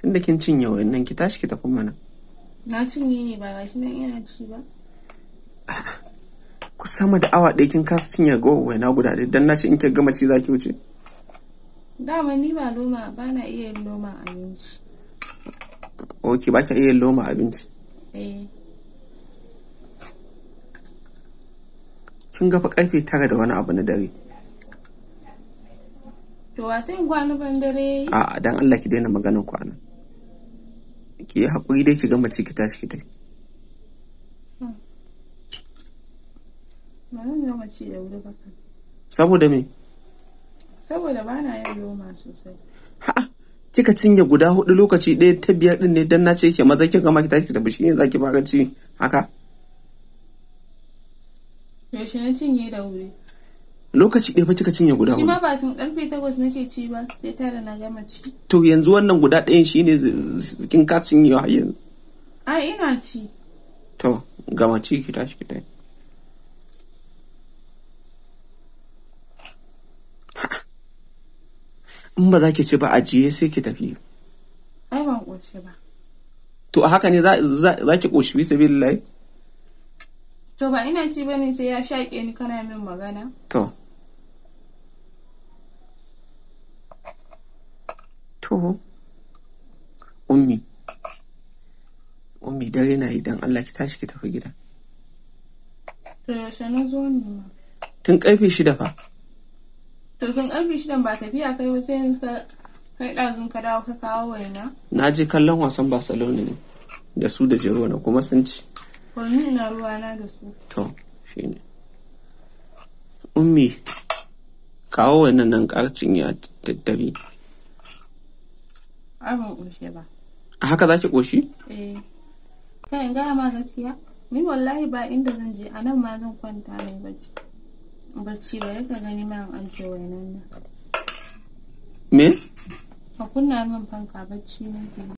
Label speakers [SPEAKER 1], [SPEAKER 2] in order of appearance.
[SPEAKER 1] tun da kin cinye wannan ki tashi ki tafi mana
[SPEAKER 2] na cinye ne ba gashi nan ina ci ba
[SPEAKER 1] ku sama da awa ɗaya kin kasa cinye gowar na guda ɗaya don na ce in ki gama ci za ki wuce
[SPEAKER 2] dama ni ba noma ba na iya yin noma abinci
[SPEAKER 1] ok ba ki iya yin noma abinci eh kin gafa karfe tara da wani abu na dare
[SPEAKER 2] to wasan ban dare
[SPEAKER 1] a'a dan Allah ki daina maganar kwanan ki haƙuri dai ki gama ce ki tashi ki
[SPEAKER 2] hmm. dai saboda me saboda ba na yin loma sosai Ha'a
[SPEAKER 1] kika cinye guda hudu lokaci ɗaya ta biyar ɗin ne dan na ce ke maza kin gama ki tashi ki tafi za ki fara ci haka
[SPEAKER 2] yaushe na cinye da wuri
[SPEAKER 1] lokaci ɗaya ba kika cinye guda hudu. Shi ma
[SPEAKER 2] ba tun ƙarfe takwas nake ci ba sai tara na gama ci.
[SPEAKER 1] To yanzu wannan guda ɗayan shi ne kin ka cinye wa yanzu.
[SPEAKER 2] A ina ci.
[SPEAKER 1] To gama ci ki tashi ki tashi. In ba za ki ci ba ajiye sai ki tafi.
[SPEAKER 2] Ai ban ƙoci ba.
[SPEAKER 1] To a haka ne za ki ƙoshi bisa billahi?
[SPEAKER 2] To ba ina ci ba ne sai ya shaƙe ni kana min magana.
[SPEAKER 1] To. ummi ummi dare na yi dan Allah ki tashi ki tafi gida
[SPEAKER 2] to yaushe na zo ne
[SPEAKER 1] tun karfe shida fa
[SPEAKER 2] to tun karfe shida ba tafiya kai wace yanzu ka kai ɗazun ka dawo ka kawo waina
[SPEAKER 1] na je kallon wasan Barcelona ne da su da Girona kuma sun ci
[SPEAKER 2] wani na ruwa na da su
[SPEAKER 1] to shine ummi kawo wannan nan karcin ya daddare ban ƙoshe ba a haka za ki ƙoshi?
[SPEAKER 2] eh kai gaya ma gaskiya ni wallahi ba inda zan je a nan ma zan kwanta ne bacci bacci ba ka gani ma an an ce nan me? a kunna min fanka bacci nake